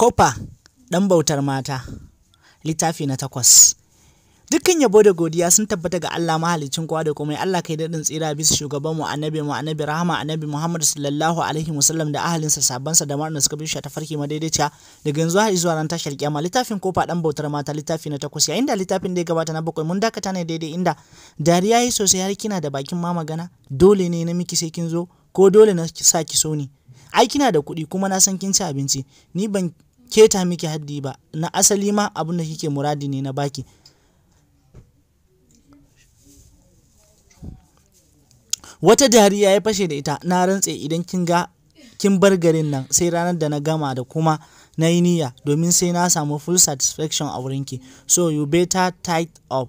Kofa dan bautar mata, littafi na takwas. Dukkan yabo da godiya sun tabbata ga Allah mahalicin kowa da komai Allah kai daɗin tsira bisa shugaban mu annabi mu annabi rahama annabi Muhammad sallallahu alaihi wasallam da ahalinsa sa da marna suka bi ta farki madaidaiciya daga yanzu har zuwa ran tashar kiyama littafin kofa dan bautar mata littafi na takwas yayin da littafin da ya gabata na bakwai mun dakata ne daidai inda dariya yi sosai har kina da bakin ma magana dole ne na miki sai kin zo ko dole na sa ki so ni ai kina da kuɗi kuma na san kin ci abinci ni ban keta miki haddi ba na asali ma abin da kike muradi ne na baki wata dariya ya fashe da ita na rantse idan kin ga kin bar garin nan sai ranar da na gama da kuma na yi niyya domin sai na samu full satisfaction a wurinki so you better tight up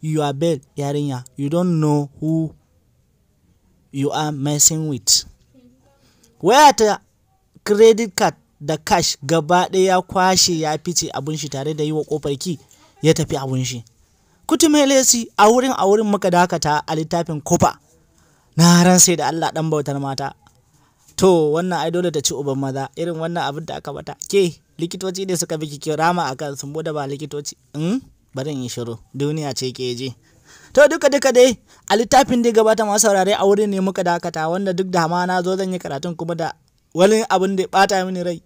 you are bad yarinya you don't know who you are messing with waya ta credit card da cash gaba ɗaya ya kwashe ya fice abin shi tare da yi wa kofar ki ya tafi abin shi kutume lesi a wurin a wurin muka dakata a littafin kofa na ran sai da Allah dan bautar mata to wannan ai dole ta ci uban maza irin wannan abin da aka bata ke likitoci ne suka biki ki rama akan sun bude ba likitoci in hmm? bari in shiru duniya ce ke je to duka duka dai a littafin da gabata masu saurare a wurin ne muka dakata wanda duk da ma na zo zan yi karatun kuma da wani abin da ya bata mini rai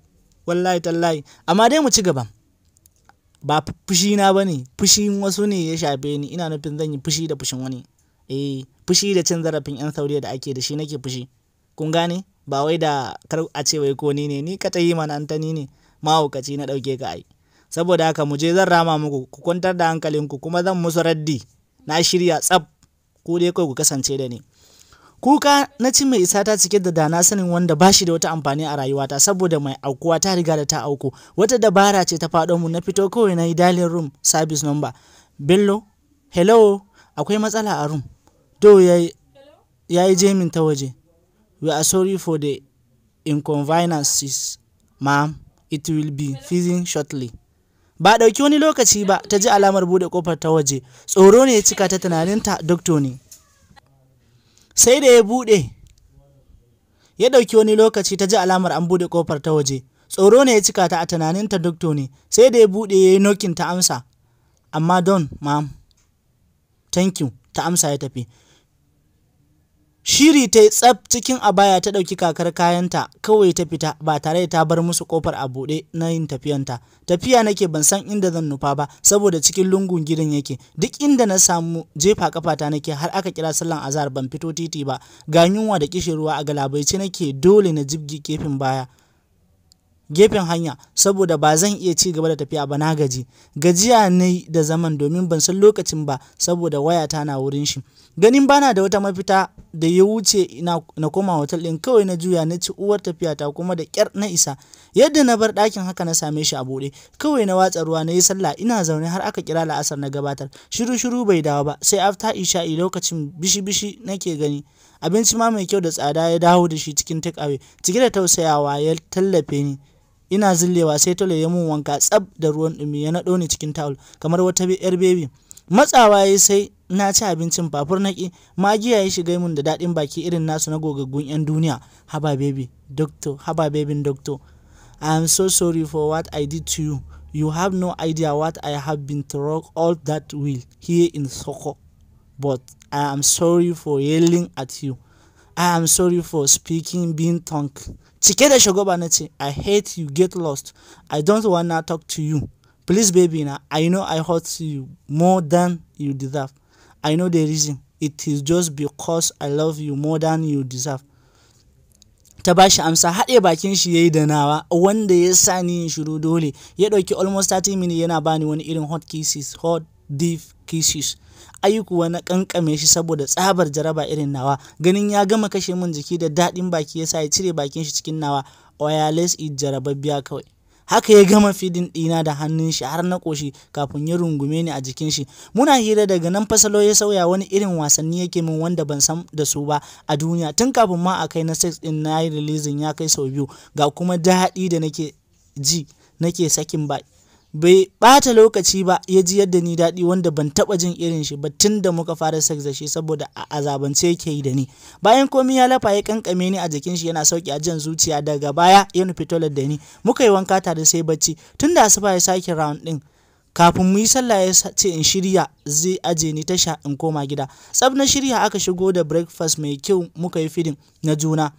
wallahi tallahi amma dai mu ci gaba ba fushi na bane fushin wasu ne ya shafe ni ina nufin zan yi fushi da fushin wani eh fushi da cin zarafin yan sauriya da ake da shi nake fushi kun gane ba wai da kar a ce wai ko ni ne ni ka tayi mana antani ne mahaukaci na dauke ka ai saboda haka mu je zan rama muku ku kwantar da hankalinku kuma zan musu raddi na shirya tsaf ku dai kai ku kasance da ni kuka na cin mai isa ta cike da dana sanin wanda ba shi da wata amfani a rayuwata saboda mai aukuwa ta riga da ta auku wata dabara ce ta faɗo mu na fito kawai na yi dalin room service number bello hello akwai matsala a room do ya yi jemin ta waje we are sorry for the inconveniences ma'am it will be fizzing shortly ba ɗauki wani lokaci ba ta ji alamar buɗe kofar ta waje tsoro ne ya cika ta tunaninta doctor ne sai da ya buɗe ya ɗauki wani lokaci ta ji alamar an buɗe kofar ta waje tsoro ne ya cika ta a ta dokto ne sai da ya buɗe ya yi nokin ta amsa amma don ma'am thank you ta amsa ya tafi Shiri ta yi tsaf cikin abaya ta ɗauki kakar kayanta kawai ta fita ba tare da ta bar musu kofar a buɗe na yin tafiyanta. Tafiya nake ban san inda zan nufa ba saboda cikin lungun gidan yake. Duk inda na samu jefa kafata nake har aka kira sallan azar ban fito titi ba. Ga yunwa da kishirwa ruwa a galabaice nake dole na jibgi kefin baya. gefen hanya saboda ba zan iya ci gaba da tafiya ba na gaji gajiya ne da zaman domin ban san lokacin ba saboda wayata na wurin shi ganin bana da wata mafita da ya wuce na koma hotel din kawai na juya na ci uwar tafiya ta kuma da kyar na isa yadda na bar dakin haka na same shi a buɗe kawai na watsa ruwa na yi sallah ina zaune har aka kira la'asar na gabatar shiru shiru bai dawo ba sai after isha'i lokacin bishi bishi nake gani abinci ma mai kyau da tsada ya dawo da shi cikin take cike da tausayawa ya tallafe ni ina zillewa sai tole ya mun wanka tsab da ruwan dumi ya naɗo ni cikin tawul kamar wata yar bebi matsawa ya sai na ci abincin fafur naki magiya ya shiga mun da daɗin baki irin nasu na gogaggun 'yan duniya haba baby doctor haba doctor i am so sorry for what i did to you you have no idea what i have been through all that will here in soko but i am sorry for yelling at you I am sorry for speaking being tongue. Cike da shagwaba na ce, I hate you, get lost. I don't wanna talk to you. Please baby na, I know I hurt you more than you deserve. I know the reason. It is just because I love you more than you deserve. ta ba shi amsa haɗe bakin shi ya yi da nawa wanda ya sa ni yin shiru dole ya ɗauki almost 30 minutes yana bani wani irin hot kisses hot deep kisses aikuwa na kankame shi saboda tsabar jaraba irin nawa ganin ya gama kashe min jiki da daɗin baki yasa ya cire bakin shi cikin nawa oyales i jarababbiya kawai haka ya gama fidin ɗina da hannun shi har na koshi kafin ya rungume ni a jikin shi muna hira daga nan fasalo ya sauya wani irin wasanni yake min wanda ban san da su ba a duniya tun kafin ma a kai na sex din na yi releasing ya kai sau biyu ga kuma daɗi da nake ji nake sakin ba bai ɓata lokaci ba ya ji yadda ni daɗi wanda ban taɓa jin irin shi ba tun da muka fara sex da shi saboda a azabance yake yi da ni bayan komai ya lafa ya kankame ni a jikin shi yana sauki a jan zuciya daga baya ya nufi tolar da ni muka yi wanka tare sai bacci tun da asuba ya sake round din kafin mu yi sallah ya ce in shirya zai aje ni tasha in koma gida tsab na shirya aka shigo da breakfast mai kyau muka yi fidin na juna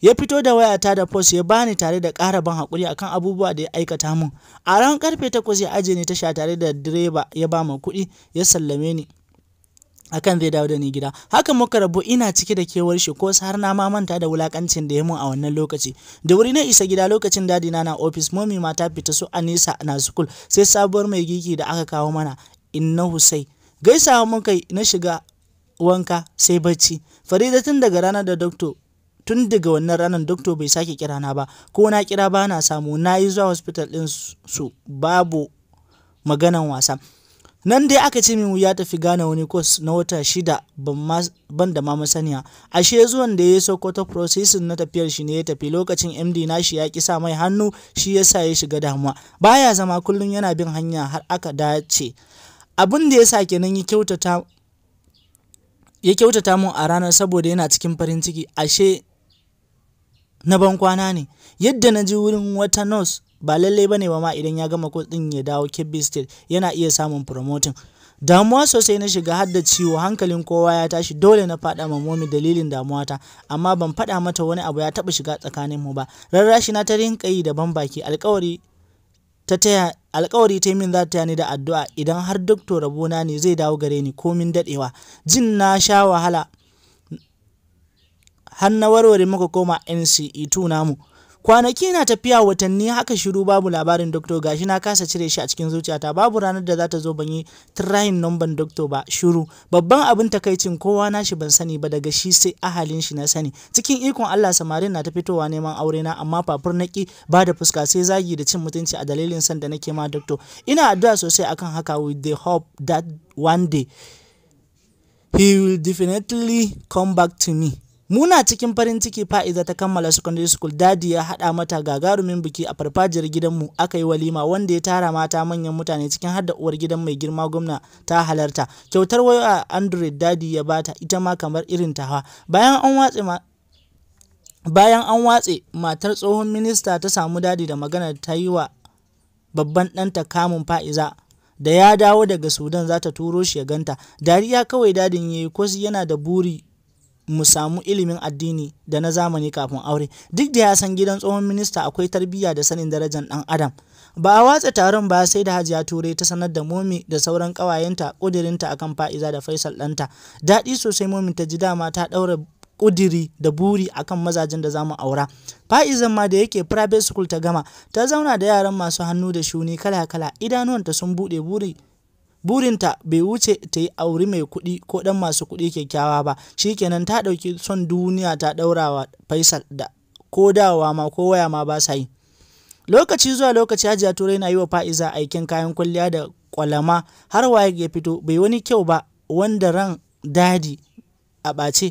ya fito da wayata da post ya bani tare da ƙara ban haƙuri akan abubuwa da ya aikata min a ran karfe takwas ya aje ni tasha tare da direba ya ba kuɗi ya sallame ni akan zai dawo da ni gida haka muka rabu ina cike da kewar shi ko har na ma manta da wulakancin da ya mun a wannan lokaci da wuri na isa gida lokacin dadi na na office momi ma ta fita su Anisa na school sai sabuwar mai giki da aka kawo mana inna Husai gaisawa mun kai na shiga wanka sai bacci farida tun daga ranar da doctor tun daga wannan ranar doktor bai sake kira na ba ko na kira ba na samu na yi zuwa hospital din su babu maganan wasa nan dai aka ce min ya tafi gane wani kwas na wata shida ban da ma saniya. ashe zuwan da ya ta processing na tafiyar shi ne ya tafi lokacin md na shi ya ki sa mai hannu shi ya sa ya shiga damuwa baya zama kullum yana bin hanya har aka dace abin da ya sa kenan ya kyautata ya mun a ranar saboda yana cikin farin ciki ashe na ban kwana ne yadda na ji wurin wata nurse ba lallai ne ba ma idan ya gama course din ya dawo Kebbi State yana iya samun promoting damuwa sosai na shiga har da ciwo hankalin kowa ya tashi dole na faɗa ma momi dalilin damuwa ta amma ban faɗa mata wani abu ya taɓa shiga tsakanin mu ba rarrashi na ta rinka yi daban baki alƙawari ta taya alƙawari ta min za ta ni da addu'a idan har duk rabona ne zai dawo gare ni komin dadewa jin na sha wahala har na warware muka koma NCE2 namu kwanaki na tafiya watanni haka shiru babu labarin doktor gashi na kasa cire shi a cikin zuciyata babu ranar da za ta zo ban yi trying number doctor ba shiru babban abin takaicin kowa na shi ban sani ba daga shi sai ahalin shi na sani cikin ikon Allah samarin na ta fitowa neman aure na amma fafur naki ba da fuska sai zagi da cin mutunci a dalilin san da nake ma doctor ina addu'a sosai akan haka with the hope that one day he will definitely come back to me Muna cikin farin ciki Fa'iza ta kammala secondary school dadi ya haɗa mata gagarumin biki a farfajiyar gidanmu aka yi walima wanda ya tara mata manyan mutane cikin har uwar gidan mai girma gwamna ta halarta. Kyautar waya Android dadi ya bata ita ma kamar irin tawa. Bayan an watse ma Bayan an watse matar tsohon minista ta samu dadi da magana ta yi wa babban ɗanta kamun fa'iza da ya dawo daga Sudan za ta turo shi ya ganta. Dariya kawai dadin ya yi yana da buri mu samu ilimin addini da na zamani kafin aure duk da ya san gidan tsohon minista akwai tarbiyya da sanin darajar dan adam ba a watsa taron ba sai da hajiya turai ta sanar da momi da sauran kawayenta kudirinta akan fa'iza da faisal ɗanta daɗi sosai momi ta ji dama ta ɗaura kudiri da buri akan mazajen da zamu aura fa'izan ma da yake private school ta gama ta zauna da yaran masu hannu da shuni kala kala idanuwanta sun buɗe buri burinta bai wuce ta yi auri mai kuɗi ko ɗan masu kuɗi kyakkyawa ba shikenan ta ɗauki son duniya ta ɗaurawa faisal da ko dawowa ma ko waya ma ba sa yi lokaci zuwa lokaci hajiya turai na yi wa fa'iza aikin kayan kwalliya da kwalama har waye ya fito bai wani kyau ba wanda ran dadi a ɓace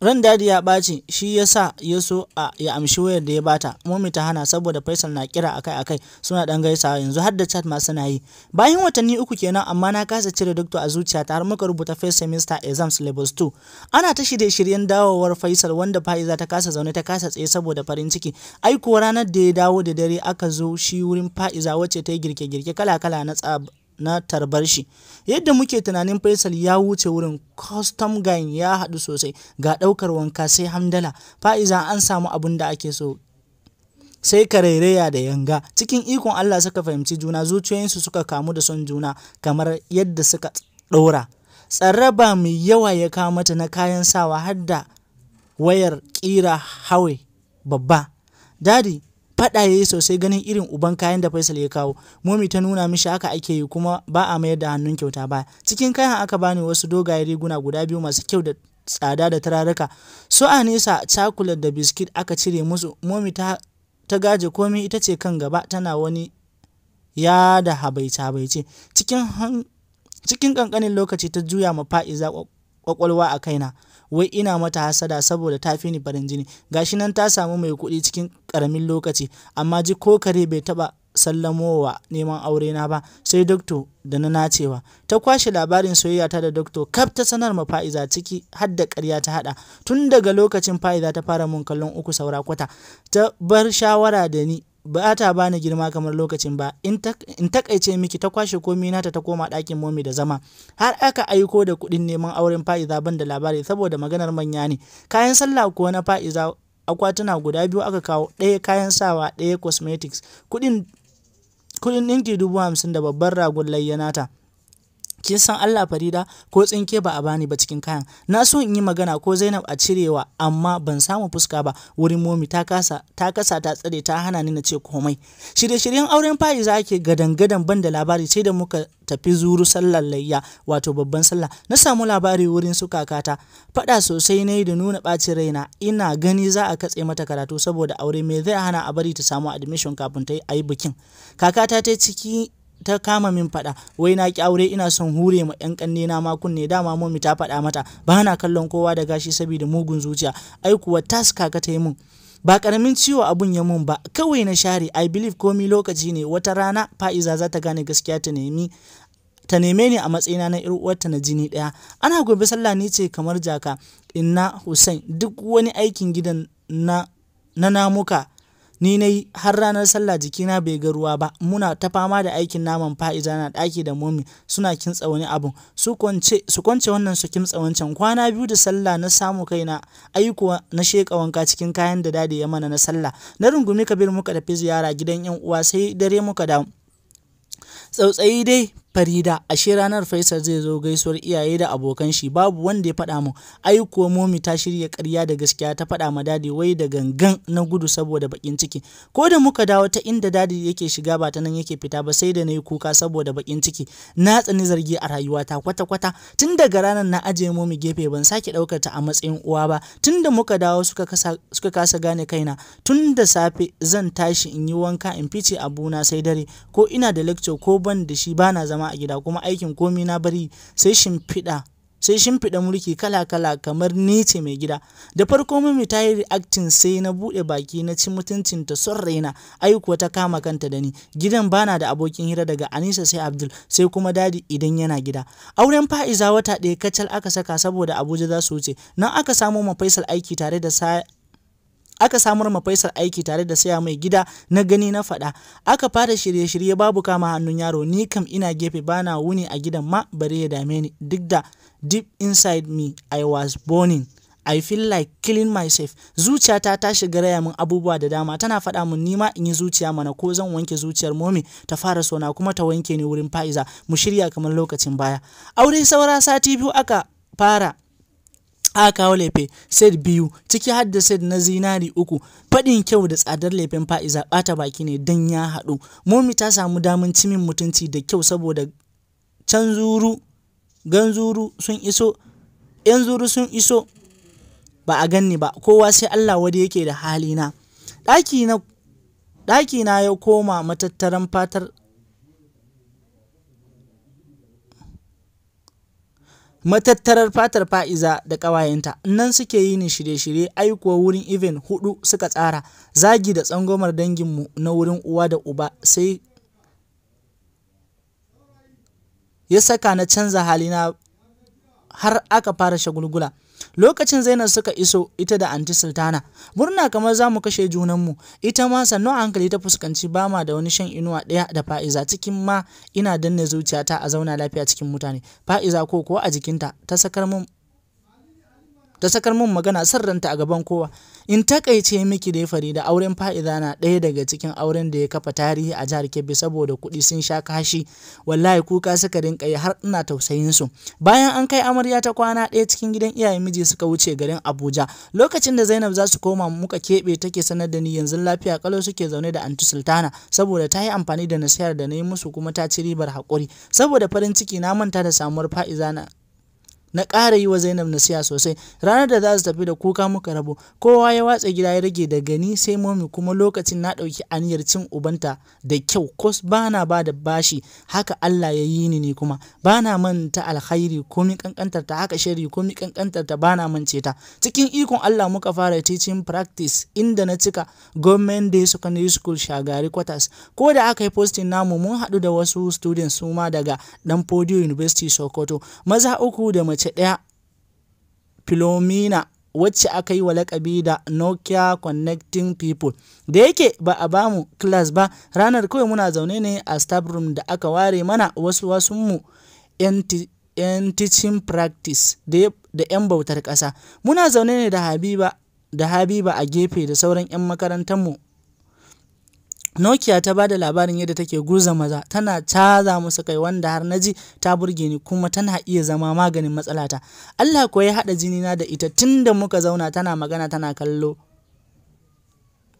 ran dadi ya ɓaci shi ya sa ya so a ya amshi wayar da ya bata momi ta hana saboda faisal na kira akai akai suna dan gaisawa yanzu har da chat ma suna yi bayan watanni uku kenan amma na kasa cire doctor a zuciya ta har muka rubuta first semester exams levels 2 ana ta shirye shiryen dawowar faisal wanda fa'iza ta kasa zaune ta kasa tsaye saboda farin ciki aiko ranar da ya dawo da dare aka zo shi wurin fa'iza wacce ta yi girke girke kala kala na na tarbar shi yadda muke tunanin faisal ya wuce wurin custom gain ya haɗu sosai ga ɗaukar wanka sai hamdala fa'iza an samu abin da ake so sai karairaya da yanga cikin ikon allah suka fahimci juna zuciyoyinsu suka kamu da son juna kamar yadda suka ɗora tsaraba mai yawa ya kawo mata na kayan sawa har da wayar ƙira hawe babba dadi faɗa ya yi sosai ganin irin uban kayan da Faisal ya kawo. Momi ta nuna mishi haka ake yi kuma ba a mayar da hannun kyauta baya. Cikin kayan aka bani wasu dogaye riguna guda biyu masu kyau da tsada da tararuka. Su a nesa cakulat da biskit aka cire musu. Momi ta gaje komai ita ce kan gaba tana wani ya da habaice-habaice. Cikin cikin ƙanƙanin lokaci ta juya ma fa'iza ƙwaƙwalwa a kaina. wai ina mata hasada saboda ta fi ni farin jini gashi nan ta samu mai kuɗi cikin ƙaramin lokaci amma ji ko kare bai taɓa sallamowa neman aure na ba sai dokto da na nacewa ta kwashe labarin soyayya ta da dokto kaf ta sanar ma fa'iza ciki har da ƙarya ta hada tun daga lokacin fa'iza ta fara mun kallon uku saura kwata ta bar shawara da ni ba ta bani girma kamar lokacin ba in takaice miki ta kwashe komi nata ta koma ɗakin momi da zama har aka aiko da kuɗin neman auren fa'iza ban da labari saboda maganar manya ne kayan sallah kuwa na fa'iza akwatuna guda biyu aka kawo ɗaya kayan sawa ɗaya cosmetics kuɗin ɗinki dubu hamsin da babban ragon nata kin san Allah Farida ko tsinke ba a bani ba cikin kayan na so in yi magana ko Zainab a cirewa amma ban samu fuska ba wurin momi ta kasa ta kasa ta tsare ta hana ni na ce komai shirye-shiryen auren fayi za ke gadan-gadan banda labari sai da muka tafi zuru sallar layya wato babban sallah na samu labari wurin su kakata faɗa sosai na da nuna ɓacin raina ina gani za a katse mata karatu saboda aure me zai hana a bari ta samu admission kafin ta yi bikin kakata ta ciki ta kama min faɗa wai na ki aure ina son hure ma yan kanne na ma kunne dama mami ta faɗa mata ba na kallon kowa da gashi saboda mugun zuciya ai kuwa tas kaka ta yi mun ba karamin ciwo abun ya mun ba kawai na share i believe komi lokaci ne wata rana fa'iza za ta gane gaskiya ta nemi ta neme ni a matsayina na iru uwarta na jini daya ana gobe sallah ni ce kamar jaka inna hussein duk wani aikin gidan na na namuka ni na yi har ranar sallah jikina bai ga ruwa ba muna ta fama da aikin naman fa'iza na ɗaki da momi suna kintsa wani abun su kwance wannan su kimtsa wancan kwana biyu da sallah na samu kaina ayyuko na sheka wanka cikin kayan da dadi ya mana na sallah na rungumi kabir muka tafi ziyara gidan yan uwa sai dare muka dawo tsautsayi dai Farida ashe ranar Faisal zai zo gaisuwar iyaye da abokan shi babu wanda ya faɗa mu ai kuwa momi ta shirya ƙarya da gaskiya ta faɗa ma dadi wai da gangan na gudu saboda bakin ciki ko da muka dawo ta inda dadi yake shiga ba ta nan yake fita ba sai da nayi kuka saboda bakin ciki na tsani zargi a rayuwa ta kwata kwata tun daga ranar na ajiye momi gefe ban sake ɗaukar ta a matsayin uwa ba tun da muka dawo suka kasa suka kasa gane kaina tun da safe zan tashi in yi wanka in fice abuna sai dare ko ina da lecture ko ban da shi bana zama zama a gida kuma aikin komi na bari sai shimfiɗa sai shimfiɗa mulki kala-kala kamar ni ce mai gida da farko mami ta yi reaktin sai na buɗe baki na ci mutuncin ta son raina aikuwa ta kama kanta da ni gidan bana da abokin hira daga anisa sai abdul sai kuma dadi idan yana gida auren fa'iza wata ɗaya kacal aka saka saboda abuja za su wuce nan aka samo ma faisal aiki tare da aka samar ma faisar aiki tare da saya mai gida na gani na faɗa aka fara shirye-shirye babu kama hannun yaro ni kam ina gefe bana wuni a gidan ma bare ya dame ni duk da deep inside me I was burning I feel like killing myself. Zuciyata ta shiga raya min abubuwa da dama tana faɗa min nima in yi zuciya mana ko zan wanke zuciyar momi ta fara sona kuma ta wanke ni wurin fa'iza mu shirya kamar lokacin baya. Aure saura sati biyu aka fara A kawo lefe set biyu ciki har da set na zinari uku faɗin kyau da tsadar lefen fa'iza ɓata baki ne don ya haɗu momi ta samu damun cimin mutunci da kyau saboda can zuru sun iso yan zuru sun iso ba a ganni ba kowa sai allah wadi yake da halina na ɗaki na ya koma matattaran fatar matattarar fatar fa'iza da ƙawayenta nan suke yi ni shirye-shirye aikuwa wurin even hudu suka tsara zagi da tsangomar danginmu na wurin uwa da uba sai ya saka na canza halina har aka fara shagulgula lokacin zainab suka iso ita da anti sultana murna kamar zamu kashe junan mu ita ma sannu hankali ta fuskanci ba ma da wani shan inuwa ɗaya da fa'iza cikin ma ina danne zuciyata a zauna lafiya cikin mutane fa'iza ko kuwa a jikinta ta sakar min ta sakar mun magana sarranta a gaban kowa In takaice miki dai da auren fa'iza na ɗaya daga cikin auren da ya kafa tarihi a jihar Kebbi saboda kuɗi sun sha kashi wallahi kuka suka rinka yi har ina tausayin su. Bayan an kai amarya ta kwana ɗaya cikin gidan iyaye miji suka wuce garin Abuja lokacin da Zainab za su koma muka keɓe take sanar da ni yanzu lafiya kalo suke zaune da Anti Sultana saboda ta yi amfani da nasihar da na yi musu kuma ta ci ribar haƙuri saboda farin ciki na manta da samuwar fa'iza na na ƙara yi wa zainab nasiya sosai ranar da za su tafi da kuka muka rabu kowa ya watsa gida ya rage da gani sai momi kuma lokacin na ɗauki aniyar cin ubanta da kyau ko ba na ba da bashi haka allah ya yi ni ne kuma ba na manta alkhairi ko mi kankantar ta haka shari ko mi kankantar ta ba na mance ta cikin ikon allah muka fara teaching practice inda na cika government day secondary school shagari quarters ko da aka yi posting namu mun haɗu da wasu students suma daga dan podio university sokoto maza uku da mace mace ɗaya Philomena wacce aka yi wa lakabi da Nokia Connecting People. Da yake ba a bamu class ba, ranar kawai muna zaune ne a staff room da aka ware mana wasu wasunmu 'yan teaching practice da 'yan bautar ƙasa. Muna zaune ne da Habiba da Habiba a gefe da sauran 'yan makarantar mu. Nokia ta ba da labarin yadda take guza maza tana caza musu kai wanda har na ji ta burge ni kuma tana iya zama maganin matsalata. Allah kuwa ya jini na da ita tunda muka zauna tana magana tana kallo.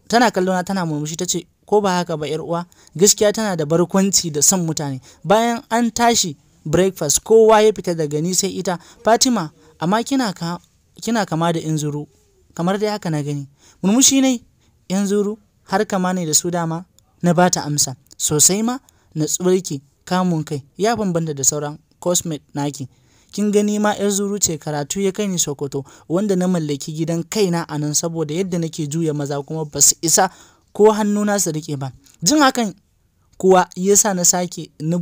Tana kallo na tana murmushi ta ko ba haka ba yar uwa gaskiya tana da barkwanci da son mutane bayan an tashi breakfast kowa ya fita daga ni sai ita Fatima amma kina ka kina kama da inzuru kamar dai haka na gani murmushi ne inzuru har kama ne da su dama na bata amsa sosai ma na tsurki kamun kai ya bambanta da sauran cosmet naki kin gani ma yar zuru ce karatu ya kai ni sokoto wanda na mallaki gidan kaina a nan saboda yadda nake juya maza kuma ba su isa ko hannuna su rike ba jin hakan kuwa sa na sake na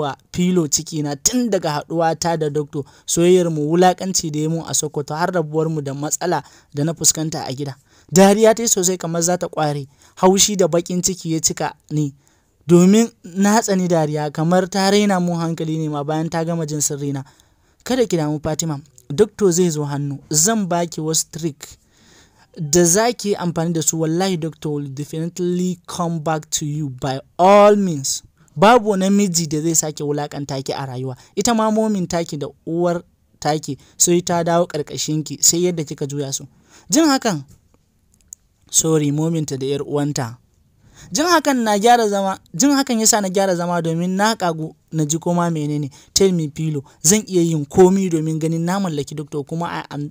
wa filo ciki na tun daga haɗuwa ta da dokto soyayyar mu wulakanci da ya mun a sokoto har rabuwar mu da matsala da na fuskanta a gida dariya ta yi sosai kamar za ta ƙware haushi da baƙin ciki ya cika ne domin na tsani dariya kamar ta raina mu hankali ne ma bayan ta gama jin sirrina kada ki damu fatima dokto zai zo hannu zan baki wasu trick da za ki amfani da su wallahi doctor will definitely come back to you by all means babu namiji da zai sake wulakanta ki a rayuwa ita ma momin taki da uwar taki sai ta dawo ƙarƙashinki sai yadda kika juya su jin hakan sori mominta da 'yar uwanta jin hakan na gyara zama jin hakan yasa na gyara zama domin na kagu na ji koma menene tell me filo zan iya yin komi domin ganin na mallaki doctor kuma a am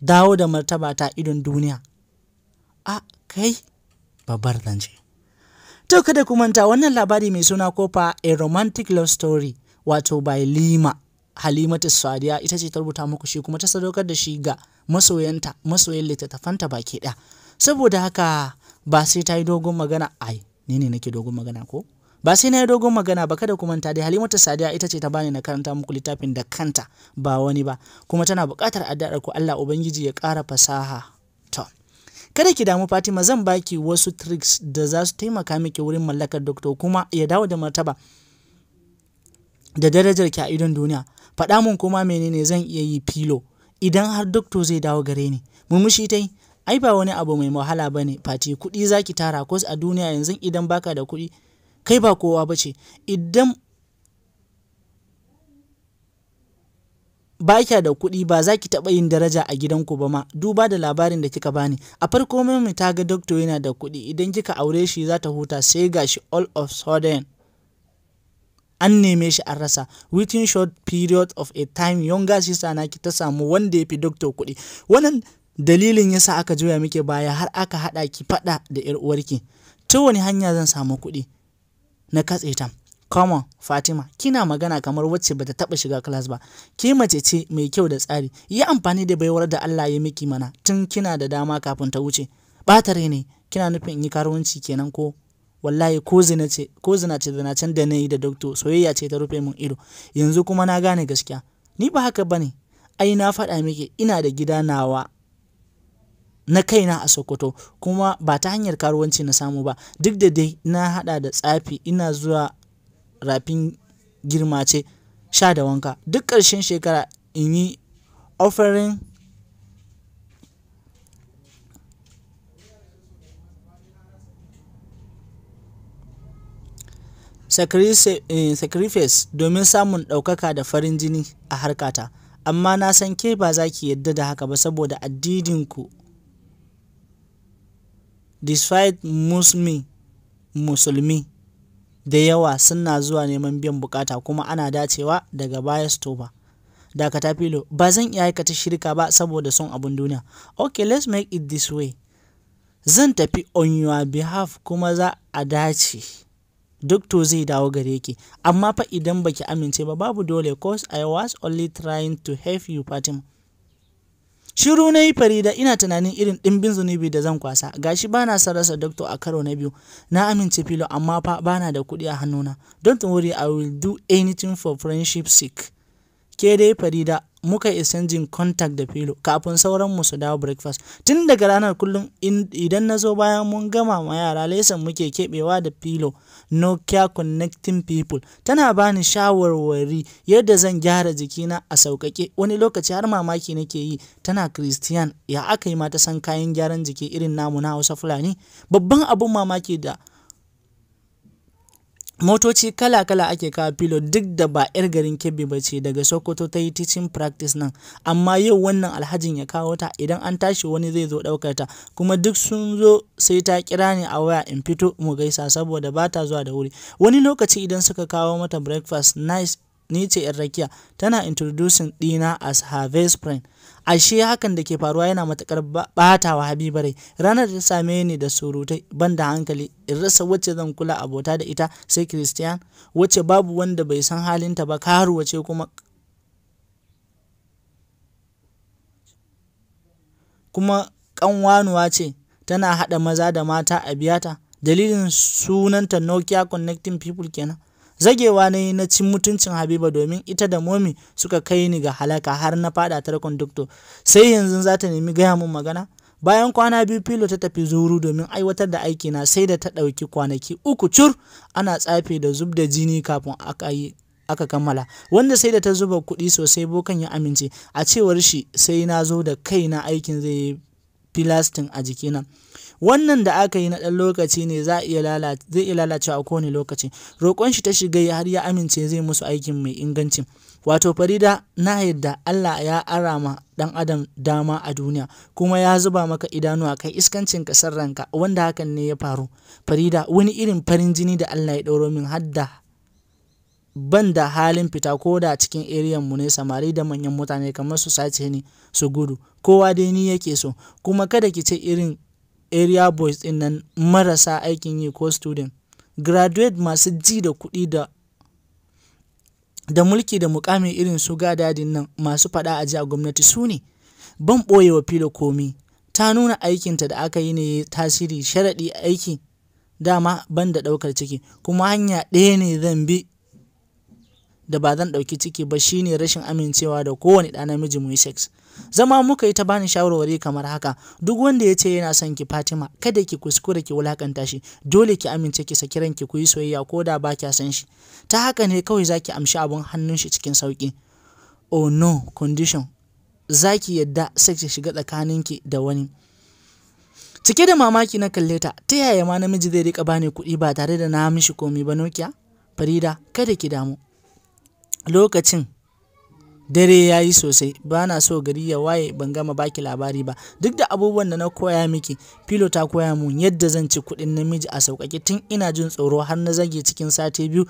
dawo da martaba ta idon duniya a kai babbar zance to kada ku manta wannan labari mai suna kofa a romantic love story wato by lima halimatu sadiya ita ce ta rubuta muku shi kuma ta sadaukar da shi ga masoyanta masoyan littattafanta baki ɗaya saboda haka ba sai ta yi dogon magana ai ni ne nake dogon magana ko ba sai na yi dogon magana ba kada ku manta dai halimatu sadiya ita ce ta bani na karanta muku littafin da kanta ba wani ba kuma tana buƙatar addu'ar ku Allah ubangiji ya ƙara fasaha kada ki damu Fatima zan baki wasu tricks da za su taimaka miki wurin mallakar doctor kuma ya dawo da martaba da darajar ki a idon duniya faɗa mun kuma menene zan iya yi filo idan har dokto zai dawo gare ni murmushi ta yi ai ba wani abu mai wahala ba fati kuɗi za ki tara kos a duniya yanzu idan baka da kuɗi kai ba kowa ba ce idan baka da kuɗi ba za ki taɓa yin daraja a gidanku ba ma duba da labarin da kika bani a farko mai ta ga dokto yana da kuɗi idan kika aure shi za ta huta sai gashi all of sudden an neme shi an rasa within short period of a time younger sister naki ta samu wanda ya fi doctor kuɗi wannan dalilin yasa aka juya muke baya har aka haɗa ki faɗa da yar uwarki ta wani hanya zan samu kuɗi na katse ta Common Fatima kina magana kamar wacce bata taba shiga class ba ki mace ce mai kyau da tsari yi amfani da baiwar da Allah ya miki mana tun kina da dama kafin ta wuce ɓata ne kina nufin in yi karuwanci kenan ko wallahi ko zina ce ko zina ce zinacen da na yi da dokto soyayya ce ta rufe min ido yanzu kuma na gane gaskiya ni ba haka bane ai na faɗa miki ina da gida nawa na kaina a Sokoto kuma ba ta hanyar karuwanci na samu ba duk da dai na haɗa da tsafi ina zuwa rafin girma ce sha da wanka duk ƙarshen shekara in yi offering Eh, sacrifice domin samun ɗaukaka da farin jini a harkata, amma na san ke ba za ki yadda da haka ba saboda addidinku despite musulmi da yawa suna zuwa neman biyan bukata kuma ana dacewa daga baya stoba dakata filo ba zan iya aikata shirka ba saboda son abin duniya ok let's make it this way zan tafi on your behalf kuma za a dace duk to zai dawo gare ki amma fa idan baki amince ba babu dole cause i was only trying to help you fatima shiru na yi farida ina tunanin irin ɗimbin zunubi da zan kwasa gashi bana son rasa doctor a karo na biyu na amince filo amma fa bana da kuɗi a hannuna don't worry i will do anything for friendship sake ke dai farida muka jin contact da filo kafin sauran mu su dawo breakfast tun daga ranar kullum idan na zo bayan mun gama ma yara lesson muke keɓewa da filo nokia connecting people tana bani shawarwari yadda zan gyara jikina a sauƙaƙe wani lokaci har mamaki nake yi tana christian ya aka yi mata san kayan gyaran jiki irin namu na hausa fulani babban abun mamaki da motoci kala-kala ake kawo pilot duk da ba 'yar garin kebbi ba ce daga sokoto ta yi teaching practice nan amma yau wannan alhajin ya kawo ta idan an tashi wani zai zo ɗaukar ta kuma duk sun zo sai ta kira ni a waya in fito mu gaisa saboda ba ta zuwa da wuri wani lokaci idan suka kawo mata breakfast nice ni ce yar rakiya tana introducing ɗina as her best friend ashe hakan da ke faruwa yana matakar bata wa habiba rai ranar ta same ni da surutai ban da hankali in rasa wacce zan kula abota da ita sai christian wacce babu wanda bai san halinta ba karu ce kuma kuma kanwanuwa ce tana haɗa maza da mata a biyata dalilin sunanta nokia connecting people kenan Zagewa na na cin mutuncin Habiba domin ita da Momi suka kai ni ga halaka har na fada tarkon Sai yanzu za ta nemi gaya mun magana? Bayan kwana biyu filo ta tafi zuru domin aiwatar da aiki na sai da ta ɗauki kwanaki uku cur ana tsafe da zub da jini kafin aka yi aka kammala wanda sai da ta zuba kuɗi sosai bokan ya amince a cewar shi sai na zo da kaina aikin zai yi filastin a jikina wannan da aka yi na ɗan lokaci ne zai iya lalace a kowane lokaci roƙon shi ta shiga har ya amince zai musu aikin mai inganci wato farida na yadda allah ya arama dan adam dama a duniya kuma ya zuba maka idanu a kai iskancin kasar ranka wanda hakan ne ya faru farida wani irin farin jini da allah ya ɗauro min hadda ban da halin fita ko da cikin eriyan mu ne samari da manyan mutane kamar su sace ni su gudu kowa dai ni yake so kuma kada ki ce irin area boys ɗin nan marasa aikin yi ko student graduate masu ji da kuɗi da da mulki da mukamin irin su gadadin nan masu fada a ji a gwamnati su ne ban ɓoye wa filo komi ta nuna aikinta da aka yi ne tasiri sharaɗi aiki dama ban da ɗaukar ciki kuma hanya ɗaya ne zan bi da ba zan ɗauki ciki ba shine rashin amincewa da kowane ɗa namiji mu yi sex zama muka yi ta bani shawarwari kamar haka duk wanda ya ce yana son ki Fatima kada ki kuskura ki wulakanta shi dole ki amince ki saki ranki ku yi soyayya ko da ba kya san shi ta haka ne kawai zaki amshi abun hannun shi cikin sauki oh no condition zaki yadda sai ki shiga ki da wani cike da mamaki na kalle ta ta yaya ma namiji zai rika bani kuɗi ba tare da na mishi komai ba nokia farida kada ki damu lokacin Dare ya yi sosai, ba na so gari ya waye ban gama baki labari ba. Duk da abubuwan da na koya miki, Filo ta koya mun yadda zan ci kuɗin namiji a sauƙaƙe tun ina jin tsoro har na zage cikin sati biyu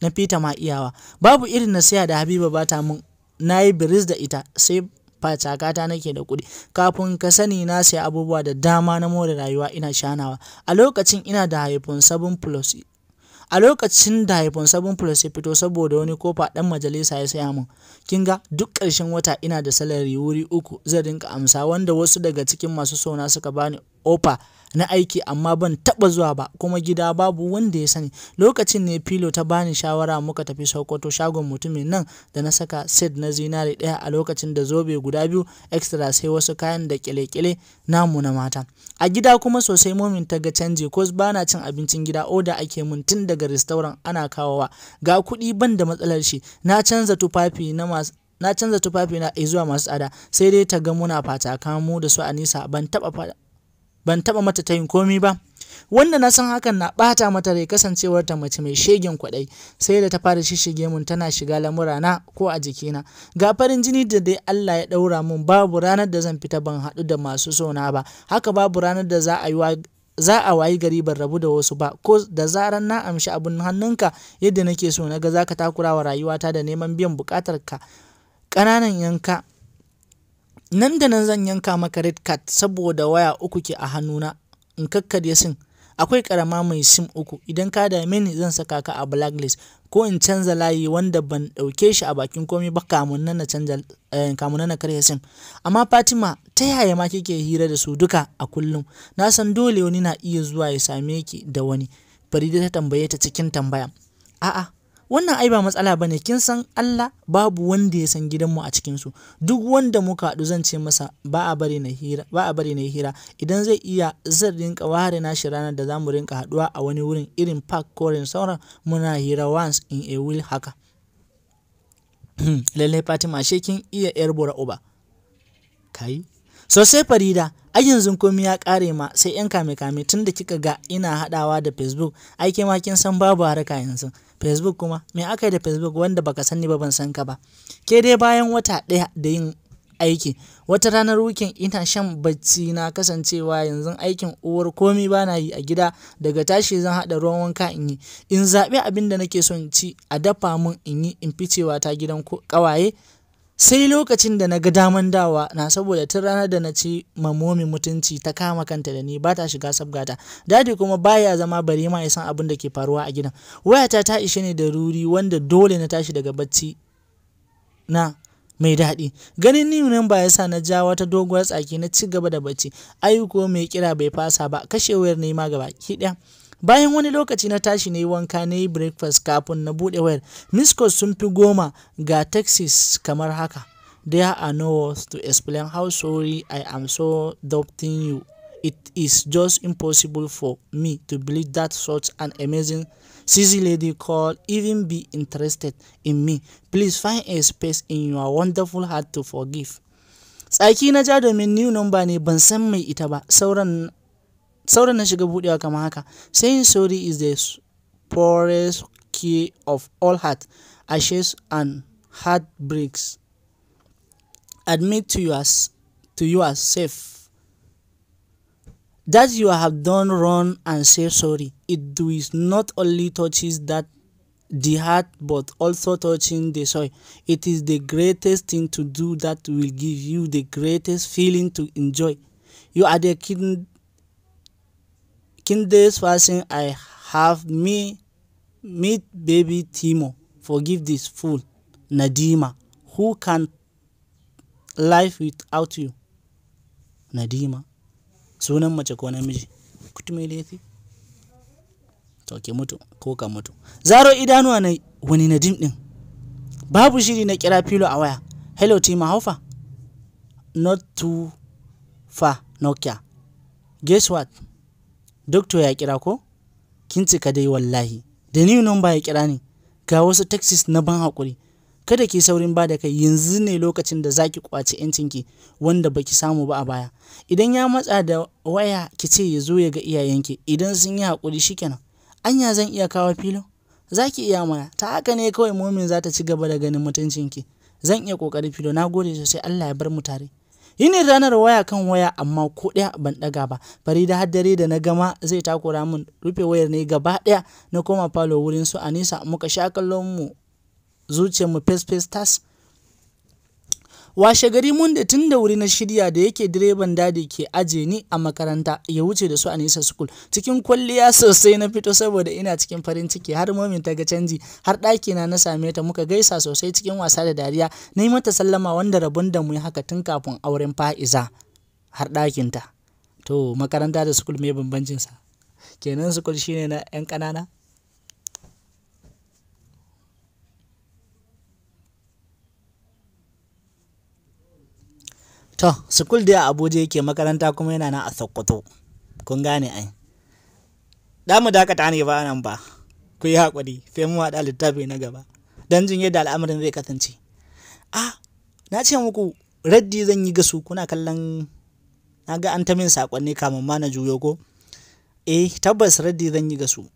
na fita ma iyawa. Babu irin nasiha da Habiba ba ta mun, na yi biris da ita sai ta nake da kuɗi. Kafin ka sani na sayi abubuwa da dama na more rayuwa ina shanawa. A lokacin ina da haifin 7 Plus a lokacin da iphone 7 plus ya fito saboda wani kofa dan majalisa ya saya min kin ga duk ƙarshen wata ina da salari wuri uku zan rinka amsa wanda wasu daga cikin masu sona suka bani opa. na aiki amma ban taba zuwa ba kuma gida babu wanda ya sani lokacin ne filo ta bani shawara muka tafi sokoto shagon mutumin nan da na saka set na zinari daya a lokacin da zobe guda biyu extra sai wasu kayan da kile-kile namu na mata a gida kuma sosai momin ta ga canji ko ba na cin abincin gida oda ake mun tun daga restaurant ana kawowa ga kuɗi ban da matsalar shi na canza tufafi na masu na canza tufafi na zuwa masu tsada sai dai ta ga muna fata kamu da su a nisa ban taba ban taɓa mata ta yin komi ba wanda na san hakan na ɓata mata rai kasancewar ta mace mai shegen kwaɗayi sai da ta fara shishige mun tana shiga lamura na ko a jikina ga farin jini da dai Allah ya ɗaura mun babu ranar da zan fita ban hadu da masu sona ba haka babu ranar da za a yi za a wayi gari ban rabu da wasu ba ko da zaran na amshi abun hannunka yadda nake so na ga zaka takura wa rayuwata da neman biyan bukatar ka ƙananan yanka nan da nan zan yanka maka red card saboda waya uku ke a hannuna in kakkarya sim akwai karama mai sim uku idan ka dame ni zan saka ka a blacklist ko in canza layi wanda ban ɗauke shi a bakin komai ba kamun nan na canza eh, kamun na karya sim amma Fatima ta yaya ma kike hira da su duka a kullum na san dole wani na iya zuwa ya same ki da wani Farida ta tambaye ta cikin tambaya a'a wannan ai ba matsala bane kin san Allah babu wanda ya san gidanmu a cikin su duk wanda muka hadu zan ce masa ba a bari na hira ba a bari na hira idan zai iya zan rinka ware na shi ranar da zamu rinka haɗuwa a wani wurin irin park ko sauran muna hira once in a will haka lallai Fatima she kin iya yar bora uba kai so sai Farida a yanzu komai ya kare ma sai yan kame kame tunda kika ga ina hadawa da Facebook ai ke ma kin san babu haraka yanzu facebook kuma me aka yi da facebook wanda baka sani ba ban san ka ba ke dai bayan wata ɗaya da yin aiki wata ranar wukin ina shan bacci na kasancewa yanzu aikin uwar komi bana yi a gida daga tashi zan hada ruwan wanka in yi in zaɓi abin da nake son ci a dafa mun in yi in ficewa ta gidan ƙawaye sai lokacin da na ga daman dawa na saboda tun ranar da na ci mamomin mutunci ta kama kanta da ni ba ta shiga sabgata dadi kuma baya zama bare ma ya san abin da ke faruwa a gidan wayata ta ishe ne da ruri wanda dole na tashi daga bacci na mai daɗi ganin ni nan ba yasa na ja wata doguwar tsaki na ci gaba da bacci ayyuko mai kira bai fasa ba kashe wayar ne ma gaba ki ɗaya bayan wani lokaci na tashi ne wanka na yi breakfast kafin na bude wayar miskos sun fi goma ga texas kamar haka there are no words to explain how sorry i am so doubting you it is just impossible for me to believe that such an amazing sissy lady could even be interested in me please find a space in your wonderful heart to forgive tsaki na ja domin new number ne ban san mai ita ba sauran sauran shiga budewa kamar haka saying sorry is the poorest key of all heart ashes and heartbreaks admit to yours to yourself that you have done wrong and say sorry it does not only touches that the heart but also touching the soul it is the greatest thing to do that will give you the greatest feeling to enjoy you are the king Kin person I have me meet baby Timo. Forgive this fool, Nadima, who can life without you. Nadima. Sunan mace ko namiji. mai laifi. To ke mutu ko ka mutu. Zaro idanuwa na wani Nadim din. Babu shiri na kira filo a waya. Hello Tima Haufa. Not too far Nokia. Guess what? doctor ya kira ko kin cika dai wallahi da nan number ya kira ni ga wasu taxis na ban hakuri kada ki saurin ba da kai yanzu ne lokacin da zaki kwace yancin ki wanda baki samu ba a baya idan ya matsa da waya ki ce ya zo ya ga iyayenki idan sun yi hakuri shikenan anya zan iya kawo filo zaki iya mana ta haka ne kawai mumin za ta ci gaba da ganin mutuncinki zan iya kokari filo na gode sosai Allah ya bar mu tare yini ranar waya kan waya amma ko ɗaya ban ɗaga ba farida da haddare da na gama zai takura min rufe wayar ne gaba ɗaya na koma falo wurin su anisa muka sha kallon mu zuciyar mu face face tas washe gari mun da tun da wuri na shirya da yake direban dadi ke aje ni a makaranta ya wuce da su a nisa school cikin kwalliya sosai na fito saboda ina cikin farin ciki har momin ta ga canji har ɗakina na na same ta muka gaisa sosai cikin wasa da dariya na yi mata sallama wanda rabon da mu haka tun kafin auren fa'iza har ɗakinta to makaranta da school me sa kenan school shine na 'yan kanana to sukul dai a abuja yake makaranta kuma yana na a sokoto kun gane ai da mu dakata ne ba nan ba ku yi haƙuri sai mu haɗa littafi na gaba don jin yadda al'amarin zai kasance a na ce muku raddi zan yi gasu kuna kallon na ga an ta min saƙonni kamun ma na juyo ko eh tabbas raddi zan yi gasu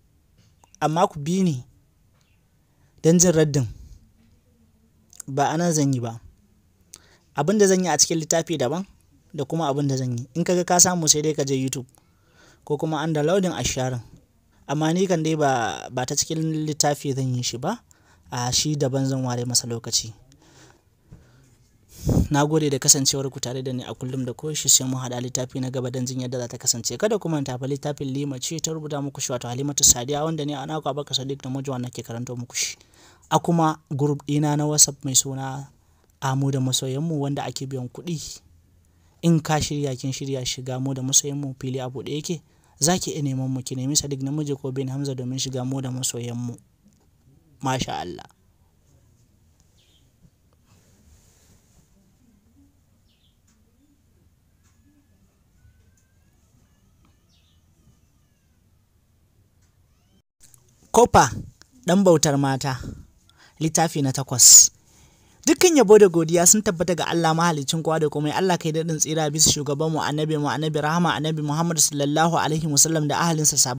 amma ku bi ni don jin raddin ba anan zan yi ba abin da zan yi a cikin littafi daban da kuma abin da zan yi in kaga ka samu sai dai ka je youtube ko kuma an a sharing amma ni kan dai ba, ba ta cikin littafi zan yi shi ba a shi daban zan ware masa lokaci na gode da kasancewar ku tare da ni a kullum da koshi sai mu haɗa littafi na gaba don jin yadda za ta kasance kada kuma ta fa littafin lima ce ta rubuta muku shi wato halimatu sadiya wanda ni ana ku abaka sadiq da mujuwa nake karanto muku shi a kuma group ɗina na whatsapp mai suna amu da masoyanmu wanda ake biyan kuɗi. In ka shirya kin shirya shiga mu da masoyanmu fili a buɗe yake, za ki iya neman mu ki nemi Sadiq namiji ko Bin Hamza domin shiga mu da masoyanmu. Masha Allah. Kofa ɗan bautar mata, littafi na takwas. dukkan yabo da godiya sun tabbata ga Allah mahalicin kowa da komai Allah kai daɗin tsira bisa shugabanmu mu annabi mu annabi rahama annabi Muhammad sallallahu alaihi wasallam da ahalinsa